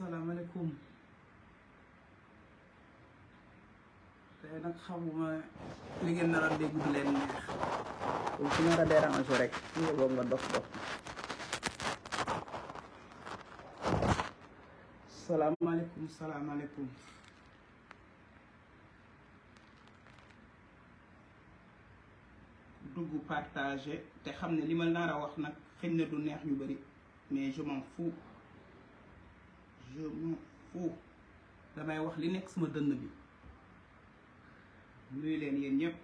asalaamaaleykum tey nag xamuma li ngeen nar a dégg di leen neex bu ci nar a déranger rek nga boobu nga dof dof salaamaaleykum salaamaaleykum dugg partager te xam ne li ma nar wax nag xëñ na du neex ñu bari mais je m'en je m'en fous damay wax li nekk sama dënn bi nuyu leen yéen ñëpp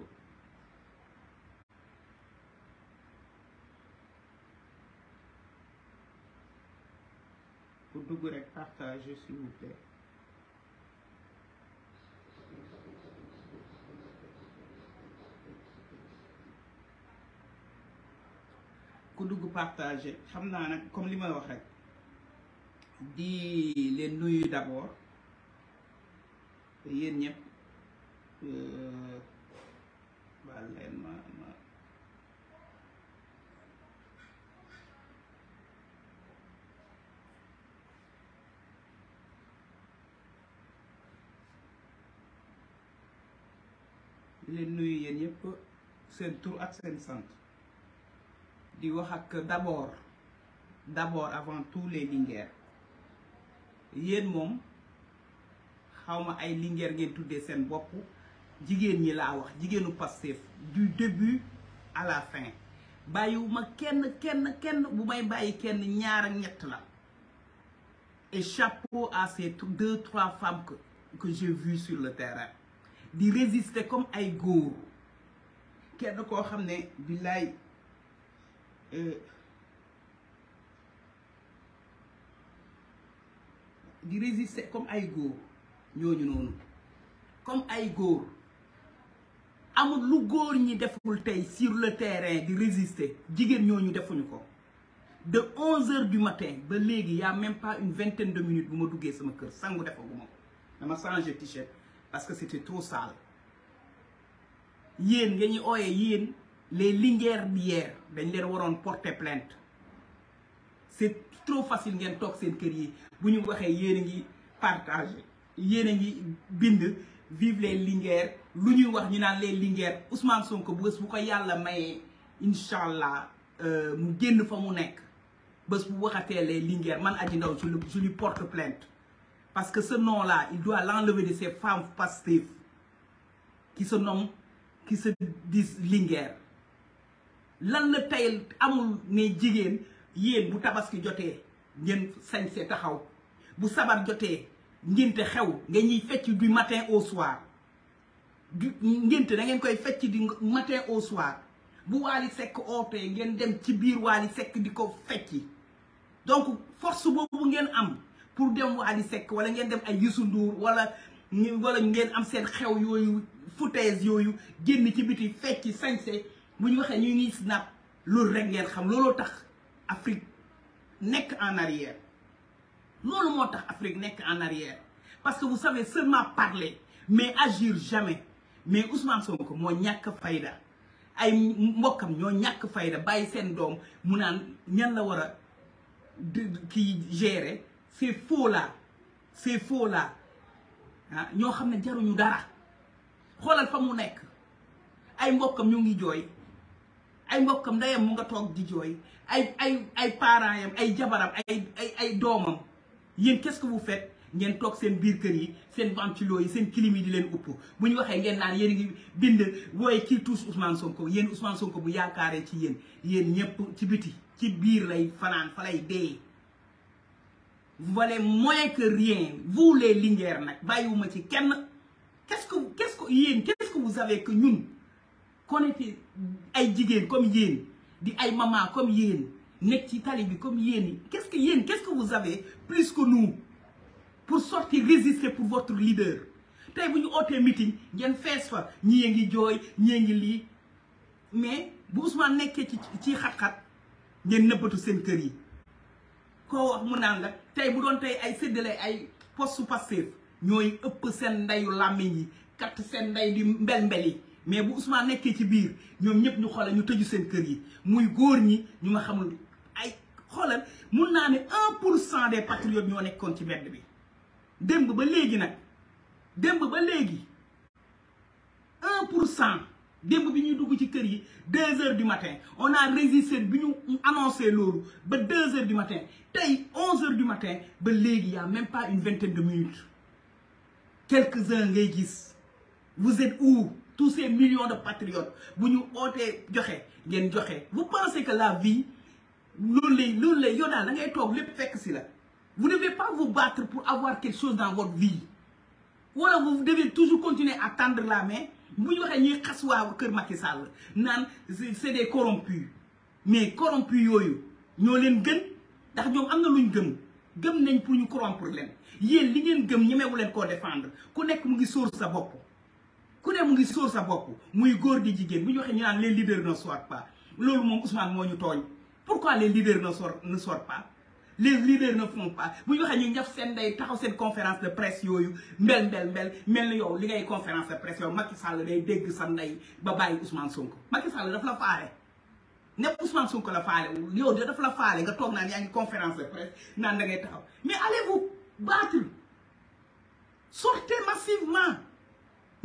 ku dugg rek partage s'il vous plaît ku dugg partage xam naa nag comme li ma wax rek di les nuyu d'abord yéen ñëpp euh, baal leen ma ma les leen nuyu yéen sen tour ak sen sant di wax ak d'abord d'abord avant tous les lingères yéen mom xawma ay lingeer ngeen tuddé sen bop jigen ñi la wax pas Pastef du début à la fin bayou kenn kenn kenn bu may bàyyi kenn ñaar ak ñett la et chapeau à ces deux trois femmes que que j'ai vu sur le terrain di résister comme ay góor kenn ko xamné billahi euh di résister comme ay góor ñooñu nonu comme ay góor amul lu goor ñi deful tay sur le terrain di résister jigéen ñooñu defuñu ko de 11 heures du matin ba légui ya a même pas une vingtaine de minutes bu ma duggee sama kër sangu defaguma dama changé t-shirt parce que c'était trop sale yeen nga ñi ooyee yeen les lingères d'hier dañ leen waroon porter plainte c'est trop facile ngeen toog seen kër yi bu ñu waxee ngi partagé yéen ngi bind vive les lingères, lu ñuy wax ñu naan les Linguères Ousmane Sonko bés bu ko Yalla mayee inshallah, euh mu génn fa mu nekk bëss bu waxaté les Linguères man Adji ndaw je je lui porte plainte parce que ce nom là il doit l'enlever de ses femmes pastives qui se nom, qui se disent Linguères lan la tayel amul né jigéen yéen bu tabaski jotee ngeen sañse taxaw bu sabar jotee ngénte xew nga ñuy fecc du matin au soir du ngénte da ngeen koy fecc di matin au soir bu Waly sekk ootee ngeen dem ci biir Waly sekk di ko fecci donc force boobu ngeen am pour dem Waly sekk wala ngeen dem ay Youssou Ndour wala wala ngeen am seen xew yooyu foutaise yooyu génn ci biti fecc sañse bu ñu waxee ñu ngi snap loolu rek ngeen xam looloo tax Afrique nek en arrière loolu motax Afrique nekk en arrière parce que vous savez seulement parler mais agir jamais mais Ousmane Sonko mo ñak fayda ay mbokam ñoo ñak fayda bàyyi sen dom mu nan ñan la wara a gérer c'est faux là c'est faux là ah ñoo jaruñu dara Xolal fa mu nekk ay mbokam ñu ngi joy. ay mbokam ndeyam mu nga tok di joy ay ay ay parents yam ay jabaram ay ay ay domam yeen qu'est-ce que vous faites ñen tok sen biir kër yi sen ventilo yi sen climi di len upp buñ ñu waxee ngeen naan yeen ngi bind wooye kii tous Ousmane Sonko yeen Ousmane Sonko bu yaakaaré ci yeen yeen ñepp ci biti ci biir lay fanaan fa lay vous valez moins que rien vous les Linguère nag bàyyiwuma ci kenn qu'est-ce que qu'est-ce que yeen qu'est-ce que vous avez que ñun kon ay jigen comme yeen di ay comme yéen nek ci comme qu'est-ce que qu'est-ce que vous avez plus que nous pour sortir résister pour votre leader tay buñu meeting ngeen fees fa ñi ngi joy ñi ngi li, mais bu Ousmane ci ci xat-xat ngeen yi ko wax mu nan la tay bu don tay ay ay poste kat mais bu Ousmane peu ci biir ñom ñep ñu nous ñu tëju seen kër yi muy goor ñi ñu ma xamul ay un des patriotes ñoo nekkon ci bëdd bi demb ba légui ba un pour bi ñu dugg ci yi deux h du matin on a résisté bi ñu annoncé l'heure. ba deux h du matin tey 11h du matin ba légui y a même pas une vingtaine de minutes quelques heures ngay vous êtes où tous ces millions de patriotes bu ñu ootee joxe ngeen joxe vous pensez que la vie nous lay nous lay yow daal da ngay toog lépp fekk si la vous ne devez pas vous battre pour avoir quelque chose dans votre vie wala vous devez toujours continuer à tendre la main Vous ñu waxee ñuy xas waa kër Macky Sall c'est des corrompus mais corrompus yooyu ñoo leen gën ndax ñoom am na luñ gëm gëm nañ pour ñu corrompre leen yéen li ngeen gëm ñemewu leen koo défendre ku nekk mu ngi sóor sa bopp ku ne mu ngi sóor sa bopp muy góor di jigéen bu ñu waxee ñu naan les leaders ne sortent pas loolu moom Ousmane moo ñu tooñ pourquoi les leaders ne sortent ne sortent pas les leaders ne font pas bu ñu waxee ñu ñaf seen day taxaw seen conférence de presse yooyu mbel mbel mbel mel ni yow li ngay conférence de presse yow Macky Sall day dégg sa ndey ba bàyyi Ousmane Sonko Macky Sall daf la faale ne Ousmane Sonko la faale yow de daf la faale nga toog naan yaa ngi conférence de presse naan da ngay taxaw mais allez vous battre sortez massivement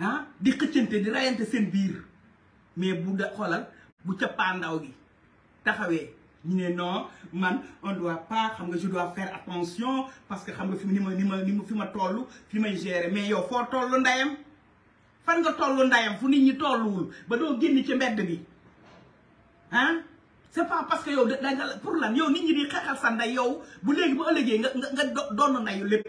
ah di xëccante di rayante seen biir mais bu da xoolal bu ca cappaandaw gi taxawee ñu ne non man on doit pas xam nga je dois faire attention parce que xam nga fi ni ma ni ma ni ma fi ma toll fi may gere mais yow foo toll ndayam fan nga toll ndayam fu nit ñi tolluwul ba doo génn ci mbedd bi ah c'est pas parce que yow da nga pour lan yow nit ñi di xeexal sa nday yow bu léegi bu ëllëgee nga nga nga doon nday lépp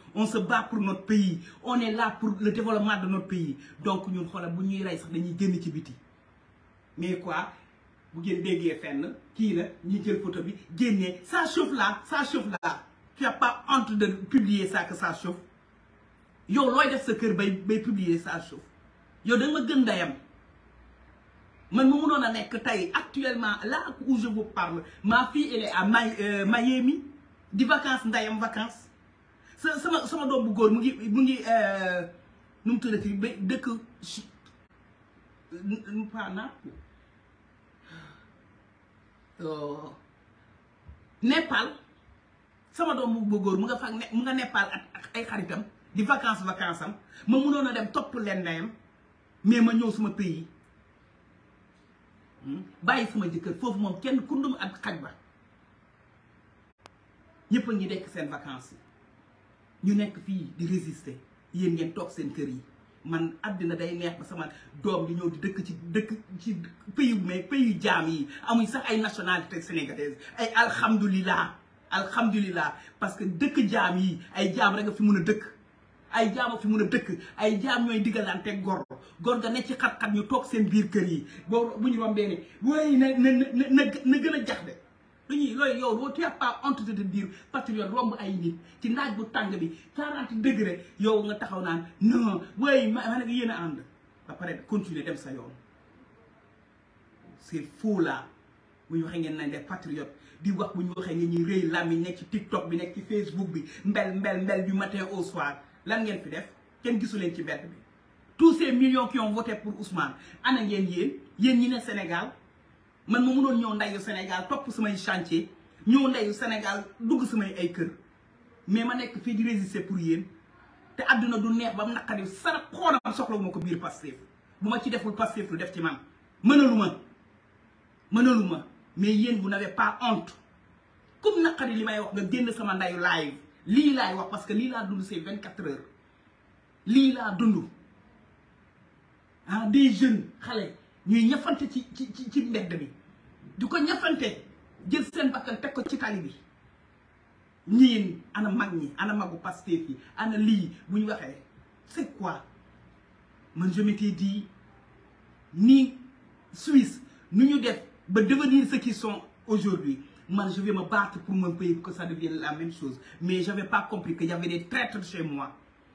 on se bat pour notre pays on est là pour le développement de notre pays donc nous, sommes bu ñuy nous sax des choses. mais quoi bu avez des fenn qui la ñuy jël photo des photos, ça chauffe là ça chauffe là tu n'as pas honte de publier ça que ça chauffe Yo, loin def sa cœur, bay bay publier ça chauffe Yo, da nga ma gën dayam man ma mënoon a actuellement là où je vous parle ma fille est à euh, Miami des vacances ndayam vacances sa sama sama doom bu góor mu ngi mu ngi eh, nu mu tuddati ba dëkk pa napp Népal sama doom bu góor mu nga fa mu nga Népal ak ay xaritam di vacances vacances am ma mënoon a dem topp leen ndeyam mais ma ñëw suma pays hmm? bàyyi sama jëkkër foofu moom kenn kundum ak xaj ba ñëpp a ngi dekk seen vacances yi ñu nek fi di résister yéen ngeen tok seen kër yi man adina day neex ba sama dom di ñëw di dëkk ci dëkk ci pays mais pays jaam yi amuy sax ay nationalité sénégalaise ay alhamdoulillah alhamdoulillah parce que dëkk jaam yi ay jaam rek nga fi mun a dëkk ay jaam fi mun a dëkk ay jaam ñooy diggalante gor gor nga ne ci xat-xat ñu toog seen biir kër yi boo bu ñu rombee ne wooy na na na na gën a jax de dañuy looy yow boo tu n'as pas honte de dire patriote romb ay nit ci naaj bu tàng bi 40 degré yow nga taxaw naan non waaye ma ne yéen ànd ba pare continuer dem sa yoon c'est faux là bu waxee ngeen nañ de patriotes di wax bu ñu waxee ngeen ñuy rëy làmmiñ nekk ci tiktok bi nekk ci facebook bi mbel mbel mbel du matin au soir lan ngeen fi def kenn gisu leen ci mbedd bi tous ces millions qui ont voté pour Ousmane ana ngeen yéen yéen ñi ne Sénégal man ma mënoon ñëw ndayu Sénégal top samay chantier ñëw ndayu Sénégal dugg samay ay kër mais ma nek fi di résister pour yéen té aduna du neex bam nakari naqari xonam soxla soxlawuma ko biir Pastef bu ci deful Pastef lu def ci man mënaluma mënaluma mais yéen vous n'avez pas honte comme nakari limay wax nga génn sama ndayu live li lay wax parce que li la dund c'est 24 heures li la dund ah des jeunes xalé ñuy sommes ci ci ci nous mbedd mi di ko ñëfante jël seen bakkan teg ko ci tali bi ñiin ana mag ñi ana magu pasteur yi ana lii bu ñu c'est quoi man je m'étais dit ni Suisse nu ñu def ba devenir ce qui sont aujourd'hui man je vais me battre pour mon pays pour que ça devienne la même chose mais j'avais pas compris qu'il y avait des traîtres chez moi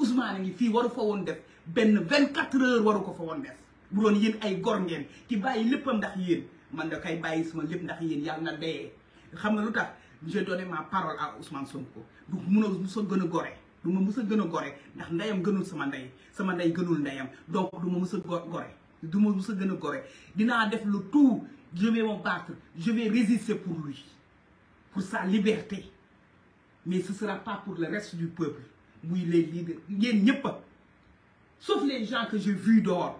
Ousmane ngi fi waru fa won def ben 24 heures waru ko fa won def bu doon yeen ay gor ngeen ki bàyyi leppam ndax yeen man da kay bàyyi sama lepp ndax yeen yalla na dee xam nga lu j'ai donné ma parole à Ousmane Sonko du mun a mus a gën a gore du ma mus a gën ndax ndayam gënul sama nday sama nday gënul ndayam donc du ma mus a gore du ma mus a gën a def le tout je vais me battre je vais résister pour lui pour sa liberté mais ce sera pas pour le reste du peuple oui, les leaders pas. sauf les gens que j'ai vus dehors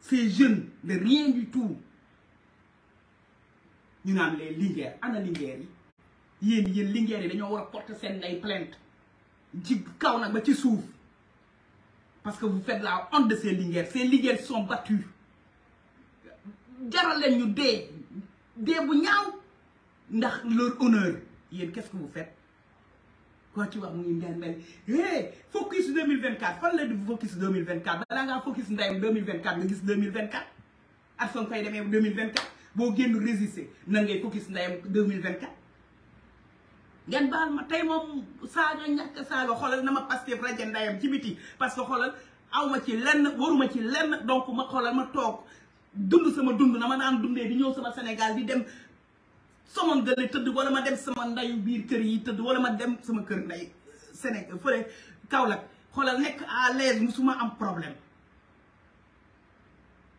ces jeunes de rien du tout Nous avons les leaders, ana linguère ils yéen ils ont yi plainte parce que vous faites la honte de ces lignes. ces linguères sont battus. leur honneur qu'est-ce que vous faites waati wax mu ngi mbenn mbenn focus 2024 fan le focus 2024 balaa focus ndeyam 2024 nga 2024 ak son fay demee 2024 boo génn résister nan ngay focus 2024 ngeen baal ma tey moom saaga ñàkk saaga xoolal na ma Pastef rajo ndeyam ci biti parce que xoolal awma ci lenn waruma ci lenn donc ma xolal ma tok dund sama dund na ma naan dundee di ñëw sama Sénégal di dem somon gële teud wala ma dem sama nday biir kër yi teud wala ma dem sama keur nday Sénégal fële Kaolack xoolal nek à l'aise musuma am problème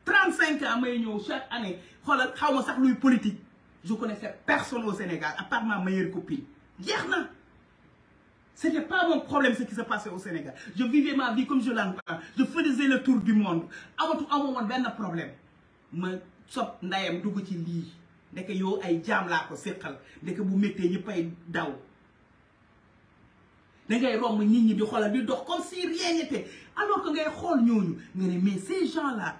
trente cinq ans may ñëw chaque année xoolal xawma sax luy politique je connaissais personne au Sénégal à part ma meilleure copine jeex Ce c'était pas mon problème ce qui se passait au Sénégal je vivais ma vie comme je l'entends je faisais le tour du monde amatu amoon un problème ma sob ndayam dugg ci lii ndeke yow ay mettez ko sekkal ndeke bu méttee ñëpp ay daw romb nit ñi di xolal di dox comme si rien n'était alors que ngay xol ñooñu vous mais ces gens là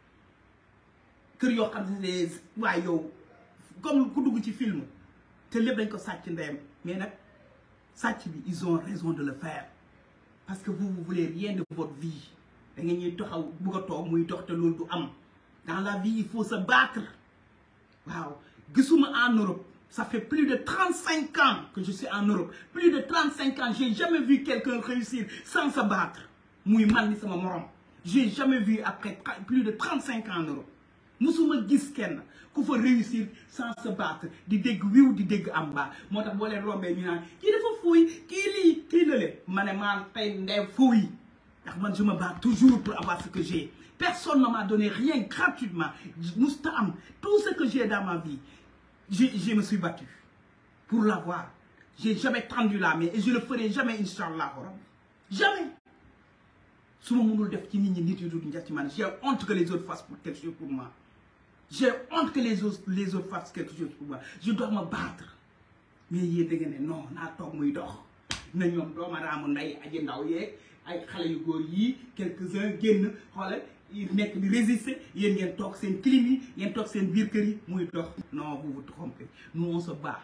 kër comme ku dugg ci film mais ils ont raison de le faire parce que vous vous voulez rien de votre vie dans la vie il faut se battre waaw en Europe ça fait plus de 35 ans que je suis en Europe plus de 35 ans, ans j'ai jamais vu quelqu'un réussir sans se battre Je n'ai j'ai jamais vu après plus de 35 ans en Europe musuma gis kenn ku fa réussir sans se battre di dégg wiw di dégg am baa moo tax boo leen rombee ñu naan kii dafa fuuy kii lii kii lale ma ne maa tey ndee fouy ndax man je me bats toujours pour avoir ce que j'ai personne ne m'a donné rien gratuitement musta tout ce que j'ai dans ma vie je je me suis battu pour l'avoir j'ai jamais tendu la main et je le ferai jamais inshallah allah jamais suma mënul def ci nit ñi nit yu dul ci man j'ai honte que les autres fassent pour quelque chose pour moi j'ai honte que les autres, les autres fassent quelque chose pour moi. Je dois me battre. Mais y a des gens, non naa toog dor. dox na ñoom doomu aadama nday aji ndaw yeeg ay xale yu góor yii quelques-uns génn il nekk di résister yéen ngeen toog seen clim yi ngeen toog seen biir kër yi muy dox. non vous vous trompez nous on se bat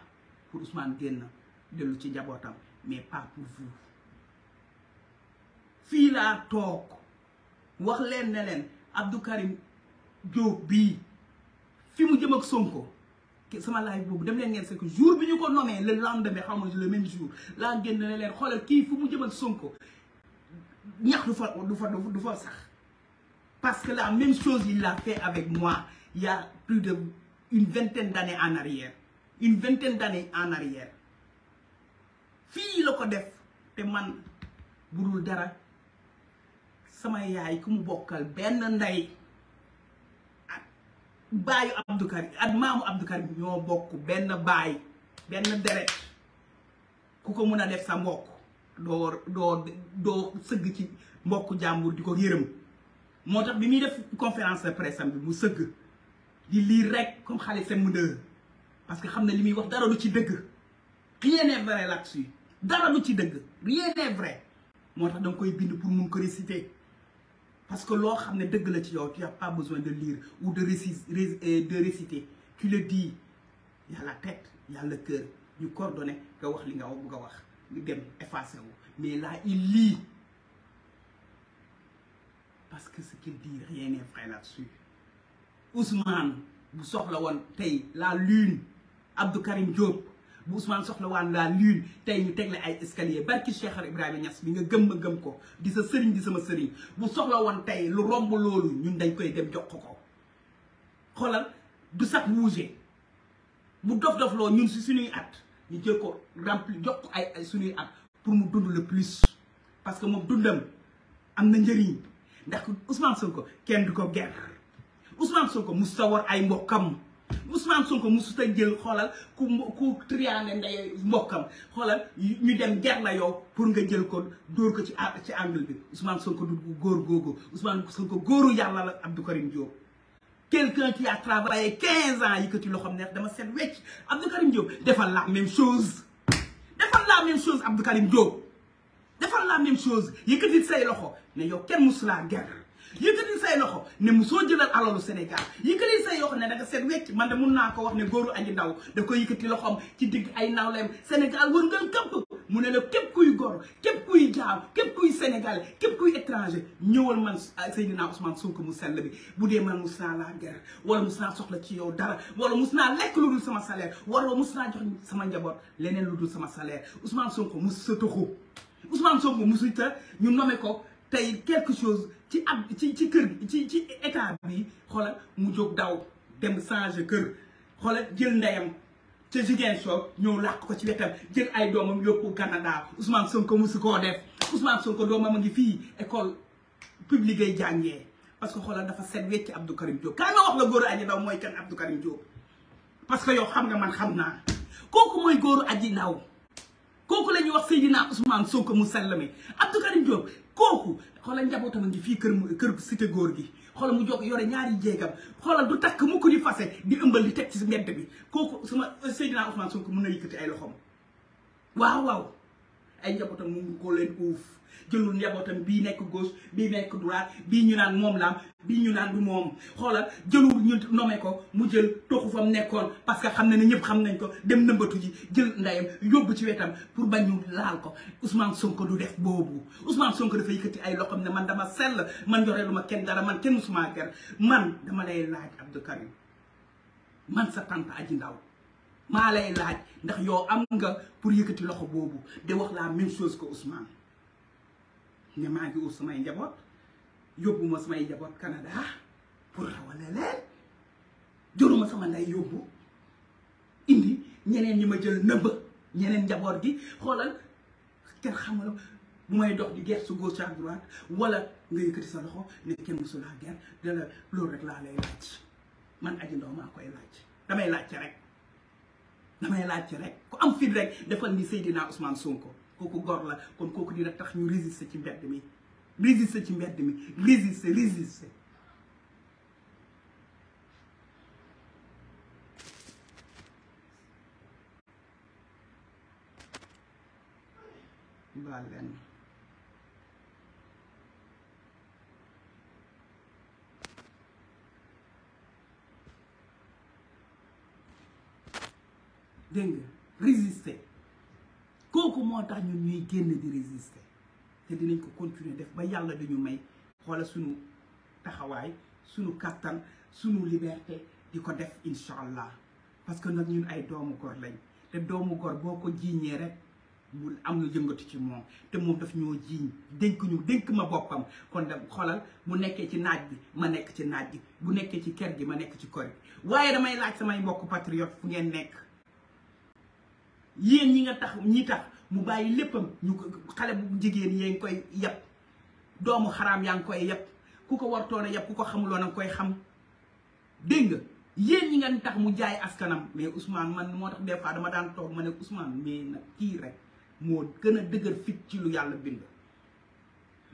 pour Ousmane génn de ci njabootam mais pas pour vous fii laa Tok, wax leen Abdou Karim Diop Bi, fi mu jëm ak Sonko sama live boobu dem leen ngeen seet ko jour bi ko nommé le lendemain xam nga le même jour laa génn ne leen xoolal kii fu mu jëm ak Sonko ñax du fa du fa du fa sax parce que la même chose il l'a fait avec moi il y a plus de une vingtaine d'années en arrière une vingtaine d'années en arrière fii la ko def te man budul dara sama yaay ku mu bokkal benn baayu Abdou at ak maamu Abdou Karim ñoo bokk benn baay benn deret ku ko mun a def sa mbokk doo doo doo sëgg ci mbokk jàmbur di ko yërëm moo tax bi muy def conférence de bi mu sëgg di lii rek comme xale sem parce que xam ne li muy wax dara lu ci dëgg rien n'est vrai là-dessus dara lu ci dëgg rien n'est vrai moo tax danga koy bind pour mun ko réciter Parce que tu n'as pas besoin de lire ou de, réciter. Tu le dis. Il y a la tête, il y a le cœur. Le Nous coordonnons. Mais là, il lit. Parce que ce qu'il dit, rien n'est vrai là-dessus. Ousmane, vous sortez la lune. Abdou Karim Diop, bu Ousmane soxla waan la lune tey ñu tegle ay escalier barki Cheikh Ibrahima Niass bi nga gëm ma gëm ko di sa sëriñ di sama sëriñ bu soxla woon tey lu romb loolu ñun dañ koy dem jox ko xoolal du sax wuuje mu dof-dof loo ñun si suñuy at ñu jël ko rempli jox ko ay suñuy at pour mu dund le plus parce que moom dundam am na njëriñ ndax Ousmane ko kenn du ko ger Ousmane ko mu sawar ay mbokkam Ousmane Sonko mosut a jël xoolal ku ku triané ndey mbokkam xoolal ñu dem jar la yow pour nga jël ko dóor ko ci ci angle bi Ousmane Sonko du góor googu Ousmane Sonko góoru yàlla la Abdou Karim Diop. quelqu'un qui a travaillé 15 ans yëkkati loo xam ne dama seet wecc Abdou Karim Diop defal la même chose defal la même chose Abdou Karim Diop defal la même chose yëkkati say loxo ne yow kenn musu mosulaa ger yëkkati say loxo ne mu soo jëlal alalu Sénégal yëkkati say loxo ne da nga seet wecc man de mun naa ko wax ne góoru aji ndaw da ko yëkkati loxoom ci digg ay nawleem Sénégal wër nga këpp mu ne la képp kuy góor képp kuy jaam képp kuy sénégalais képp kuy étranger ñëwal man Seydina Ousmane Sonko mu sell bi bu dee man mus naa laa gërëm wala mus naa soxla ci yow dara wala mus naa lekk lu dul sama salaire wala mus naa jox sama njaboot leneen lu dul sama salaire Ousmane Sonko mus sa toxu Ousmane Sonko musuñ ta ñu nommé ko tey quelque chose ci ab ci ci kër ci ci état bi xoolal mu jóg daw dem changer kër xoolal jël ndeyam ca Ziguinchor ñëw làq ko ci wetam jël ay doomam yóbbu Canada Ousmane Sonko musu koo def Ousmane Sonko doomam a ngi fii école publique ay jàngee parce que xoolal dafa set wecc Abdou Karim Diop kaay ma wax la góoru aji ndaw mooy kan Abdou Karim Diop parce que yow xam nga man xam naa kooku mooy góoru aji ndaw kooku la ñuy wax Seydina Ousmane Sonko mu sell mi Abdou Karim Diop kooku xoolal njabootam ngi fii kër kër cité góor gi xoolal mu jóg yore ñaari jéegam xoolal du takk mukk di fase di ëmbal di teg ci mbedd bi suma sama euh, Seydina Ousmane ko mën na yëkkati ay loxoom waaw waaw ay njabootam mu ngi ko leen uuf jëlul njabootam bii nekk gauche bi nekk droite bii ñu naan moom laam bii ñu naan du moom xoolal jëlul ñu nommé ko mu jël toxu fam nekkoon parce que xam na ne ñëpp xam nañ ko dem nëmbatu ji jël ndeyam yóbbu ci wetam pour bañ ñu laal ko Ousmane Sonko du def boobu Ousmane Sonko dafa yëkkati ay loxoom ne man dama sell man yoreelu ma kenn dara man kenn musuma ger man dama lay laaj Abdou Karim man sa tante Adji ndaw maa lay laaj ndax yow am nga pour yëkkati loxo boobu de wax la même chose que ne maa ngi ut samay njaboot yóbbuma samay njaboot Canada pour rawale leen juruma sama nday yóbbu indi ñeneen ñi ma jël nëbb ñeneen njaboot gi xoolal kenn xamula bu may dox di gerte su gauche à droite wala nga yëkkati sa loxo ne kenn musul a gerte de loolu rek laa lay laaj man aji ndaw maa koy laaj damay laajte rek damay ci rek ku am fit rek defal ni Seydina Ousmane Sonko. kooku gor la kon kooku dina tax ñu résister ci mbedd mi résister ci mbedd mi résister résister baal leen dégg nga résister kooku moo tax ñun ñuy génn di résister te dinañ ko continuer def ba yàlla dañu may xoola suñu taxawaay sunu kastan sunu liberté di ko def incha allah parce que nag ñun ay doomu góor lañ te doomu góor boo ko jiiñee rek mu am lu yëngatu ci moom te moom daf ñoo jiiñ dénk ñu dénk ma boppam kon da xoolal mu nekkee ci naaj bi ma nekk ci naaj bi bu nekkee ci kër gi ma nekk ci kër waaye damay laaj samay mbokk patriote fu ngeen nekk yéen ñi nga tax ñi tax mu bàyyi léppam ñu xale bu jigéen yaa ngi koy yab doomu xaraam yaa ngi koy yab ku ko wartoon a yab ku ko xamuloon a nga koy xam dégg nga yéen ngeen tax mu jaay askanam mais Ousmane man moo tax des fois dama daan toog ma ne Ousmane mais na kii rek moo gën a dëgër fit ci lu yàlla bind.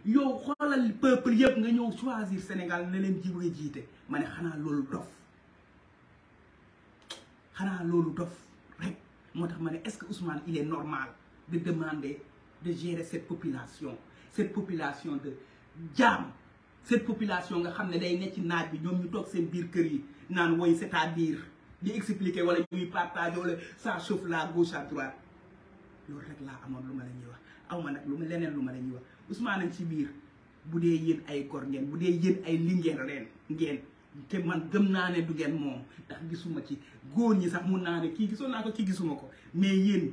yow xoolal peuple yëpp nga ñëw choisir Sénégal ne leen jiw nga jiite ma ne xanaa loolu dof xanaa loolu dof rek moo tax ma ne est-ce que Ousmane il est normal. de demander de gérer cette population cette population de jam cette population nga xam ne qui est naaj bi ñoom ñu seen c'est-à-dire expliquer wala ñuy ça chauffe la gauche à droite c'est rek que wax leneen Ousmane nañ ci biir ay gor ne du gisuma ci sax je ne mais vous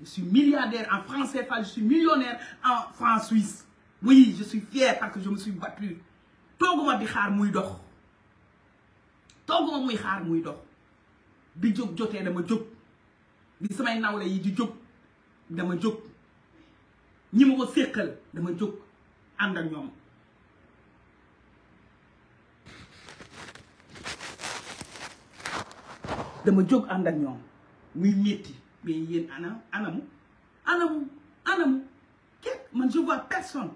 Je suis milliardaire en France CFA, je suis millionnaire en francs suisse. Oui, je suis fier parce que je me suis battu. tooguma di xaar muy dox tooguma muy xaar muy dox bi jóg jotee dama jóg bi samay nawle yi di jóg dama jóg ñi ma ko séqal dama jóg ànd ak ñoom dama jóg ak muy mais yéen ana anamu anamu anamu kenn man je vois personne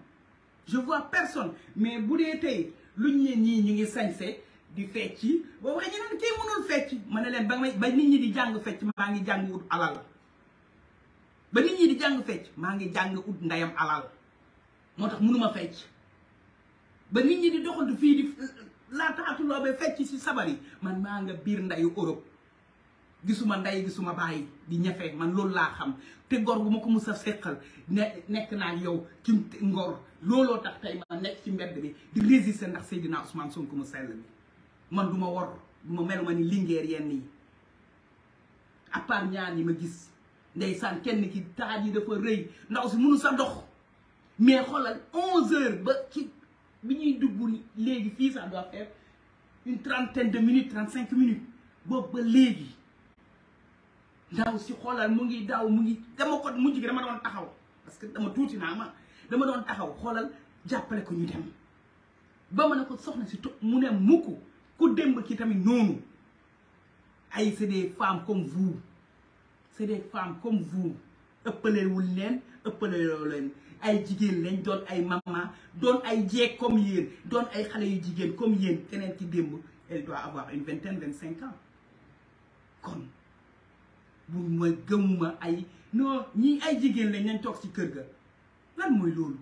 je vois personne mais bu dee tey luñ ne ñii ñu ngi sañsee di fecci boo waxee ñeneen kii ma ne leen ba ba nit ñi di jàng fecc maa ngi jàng alal ba nit ñi di jàng fecc maa ngi jàng ut ndeyam alal moo tax mënuma fecc ba nit ñi di doxantu fii di laataatu loobe fecc si sabar yi man maa nga biir ndeyu Europe gisuma ndey gisuma bàyyi di ñafe man loolu laa xam te gor gu ma ko mus a seqal ne nekk naa yow ci ngor looloo tax tey ma nekk ci mbedd bi di résister ndax Seydina Ousmane ko mu sell bi man du ma wor du ma meluma ni lingeer yenn yi à part yi ma gis ndeysaan kenn ki taaj yi dafa rëy ndaw si mënu sa dox mais xoolal onze heures ba ci bi ñuy dugg léegi fii ça doit faire une trentaine de minutes trente cinq minutes boobu ba léegi ndaw si xoolal mu ngi daw mu ngi dama ko mujj gi dama don taxaw parce que dama tuuti naa ma dama don taxaw xoolal jappale ko ñu dem ba ma ne ko soxna ci mu ne muku ku demb ki tamit noonu ay c'est des femmes comme vous c'est des femmes comme vous ëppalewul leen ëppalewul len ay jigen lañ doon ay mama doon ay jeeg comme yeen doon ay xalé yu jigen comme yeen kenen ki demb elle doit avoir une vingtaine vingt cinq ans kon bu ma gëm ay non ñi ay jigéen lañ nañ toog ci kër ga lan mooy loolu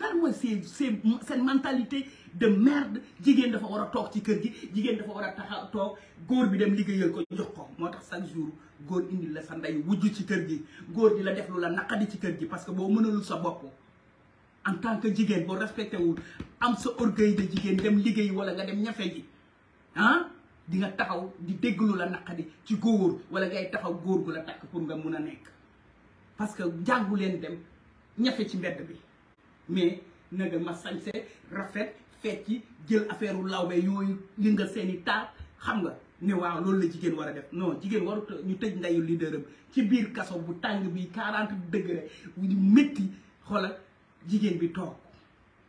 lan mooy seen seen seen mentalité de merde jigéen dafa war a toog ci kër gi jigéen dafa war a taxaw toog góor bi dem liggéeyal ko jox ko moo tax chaque jour góor indi la sa ndey wujj ci kër gi góor gi la def lu la naqadi ci kër gi parce que boo mënalul sa bopp en tant que jigéen boo respecté wul am sa orgueil de jigéen dem liggéey wala nga dem ñafe ji ah di nga taxaw di dégglu la naqadi ci góor wala ngay taxaw góor gu la takk pour nga mun a nekk parce que jàngu leen dem ñafe ci mbedd bi mais naga ma sañse rafet fecci jël affaire u lawbe yooyu yëngal seen i taar xam nga ne waaw loolu la jigéen war a def noo jigéen warut ñu tëj ndeyu leaderam ci biir kaso bu tàng bi quarante degré ñu métti xoolal jigéen bi toog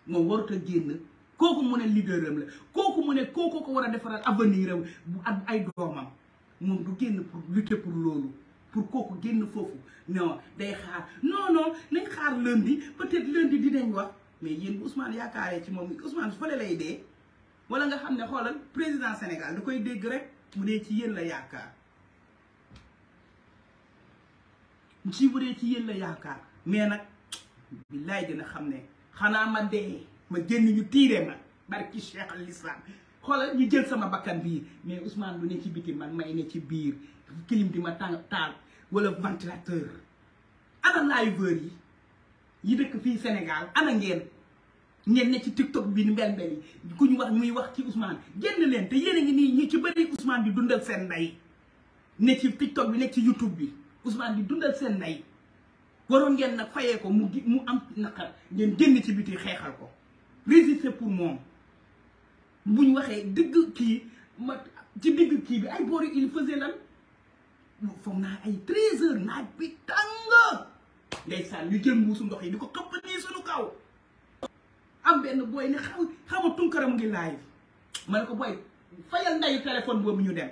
moom warut a génn kooku mu ne leader la kooku mu ne kooku ko war a defaral avenir am ab ay doomam moom du génn pour tëpp pour loolu pour kooku génn foofu non day xaar non non nañ xaar lundi peut-être lundi dinañ wax mais yéen bu Ousmane yaakaaree ci moom Ousmane fële lay dee wala nga xam ne xoolal président Sénégal da koy dégg rek mu dee ci yéen la yaakaar ci bu dee ci yéen la yaakaar mais nag billaay dina xam ne xanaa ma dee ma génn ñu tiiree ma barki cheikh al islam xoolal ñu jël sama bakkan bii mais Ousmane du ne ci biti man may ne ci biir clim di ma tàng taal wala ventilateur ana liveur yi yi dëkk fii Sénégal ana ngeen ngeen ne ci tiktok bi ni mbel mbel yi ku ñu wax muy wax ci Ousmane génn leen te yéen a ngi nii ñu ci bëri Ousmane di dundal seen ndey ne ci tiktok bi ne ci youtube bi Ousmane bi dundal seen ndey waroon ngeen nag fayee ko mu mu am naqar ngeen génn ci biti xeexal ko résister pour moom buñ waxee dëgg kii ma ci digg kii bi ay boori il faisait lan foog naa ay treize heures naaj bi tàng ndeysaan ñu jël mbuusu ndox yi di ko xëppanii suñu kaw am benn booy ne xam xama tunkaram ngi live ma ne ko booy fayal ndayu téléphone boobu ñu dem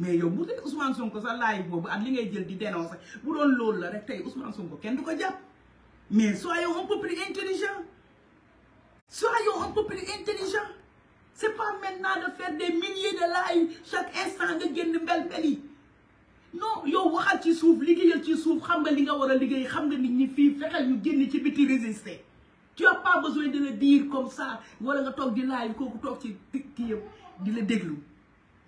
mais yow bu Ousmane Sonko sa live bobu at li ngay jël di dénoncer bu doon lool la rek Ousmane Sonko du ko mais soyons un peu plus intelligent soyons un peu plus intelligent c'est pas maintenant de faire des milliers de live chaque instant de génn mbel-mbel yi non yow waxal ci ci li nga wara xam nga nit ñi fi ñu ci biti résister tu as pas besoin de le dire comme ça wala nga tok di live koku tok ci di la déglu.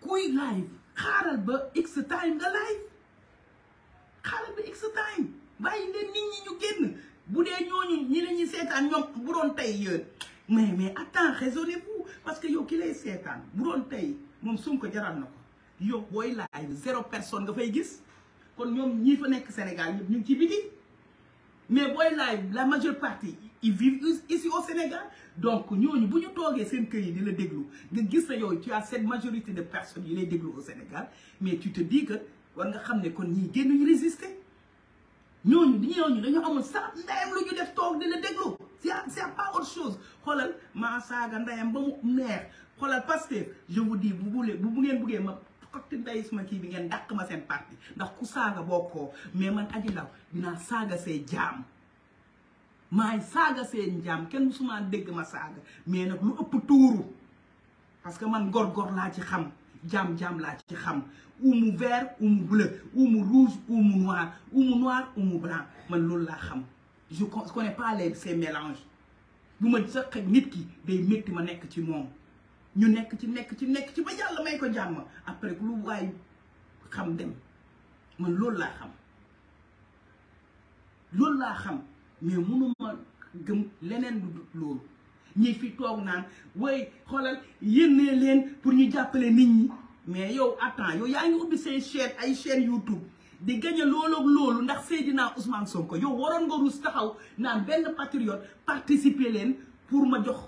kuy live xaaral ba x time nga live xaaral ba x time bàyyi leen nit ñi ñu génn bu dee ñooñu ñi lañuy ñuy seetaan ñoom bu doon tey yéen mais mais attends raisonnez-vous parce que yow ki lay seetaan bu doon tey moom Sonko jaral na ko yow booy live zéro personne nga fay gis kon ñoom ñii fa nekk Sénégal ñëpp ñu ci biti mais la majeure partie ils vivent ici au Sénégal donc nous nous, nous, nous nous, nous, nous, tu as cette majorité de personnes nous, au Sénégal mais tu te dis que nous, nous, nous, nous, nous, nous, nous, nous nous, pas autre chose je vous dis nous, nous, nous, nous, nous, ma fatti nday suma kii bi ngeen dàq ma seen parti ndax ku saaga bokkoo mais man aji ndaw dinaa saaga see jaam maay saaga seen jaam kenn suma dégg ma saaga mais nag lu ëpp tuuru parce que man góor-góor laa ci xam jaam-jaam laa ci xam umu vert umu bleu umu rouge umu noir umu noir umu blanc man loolu laa xam je connais pas les ces bu ma sëq nit ki day métti ma nekk ci moom ñu nekk ci nekk ci nekk ci ba yalla may ko jamm après ku lu way xam dem man lool la xam lool la xam mais mënuma gëm leneen lu lool ñi fi tok naan way xolal yene leen pour ñu jappalé nit ñi mais yow attends yow yaangi ubi ubbi chaîne ay chaîne youtube di gagné loolu ak ndax sayidina Ousmane Sonko yow waroon nga rus taxaw nan benn patriote participer len pour ma jox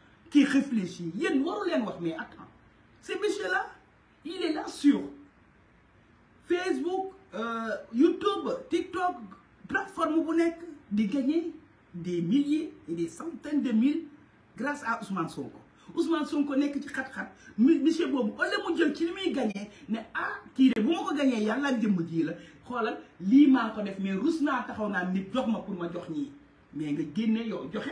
qui réfléchit yéen waru leen wax mais attends ce monsieur là il est là sur Facebook euh, YouTube TikTok plateforme bu nekk de gagner des milliers et des centaines de mille grâce à Ousmane Sonko Ousmane Sonko nekk ci xat-xat monsieur Bob, wala mu jël ci li a gagné ne ah kii de bu ma ko gagné yàlla jëmm ji la xoolal lii maa ko def mais rus naa taxaw naa nit jox ma pour ma jox ni, mais nga génne yow joxe.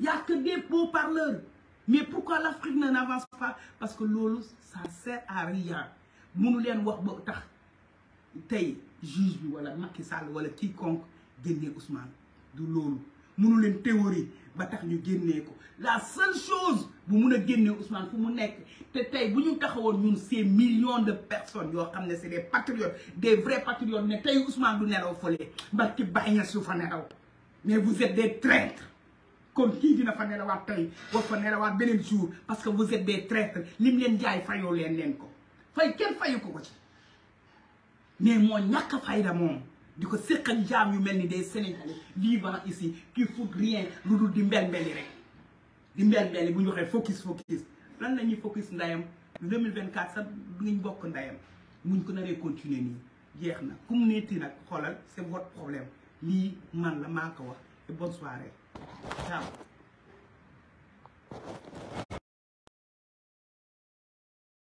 Il n'y a que des beaux parleurs. Mais pourquoi l'Afrique n'avance pas Parce que l'OLO, ça ne sert à rien. Nous le juge wala Macky Sall wala quiconque Ousmane du lolo. théorie la seule chose que mun Ousmane fu mu te ces millions de personnes des patriotes des vrais patriotes Mais Ousmane mais vous êtes des traîtres comme kii dina fa nelawaat tey war fa nelawaat beneen jour parce que vous êtes des traîtres lim leen jaay fayoo leen leen ko fay kenn fayu ko ko ci mais moo ñàkk fayda moom di ko séqal jaam yu mel ni des sénégalais vivant ici qui foutent rien lu dul di mbel mbeli rek di mbel mbeli bu ñu focus focus lan la focus ndayam 2024 sax du ñu bokk ndayam muñ ko naree continuer nii jeex na comme netti nag xoolal c'est votre problème lii man la maa wax et bonne soirée 看。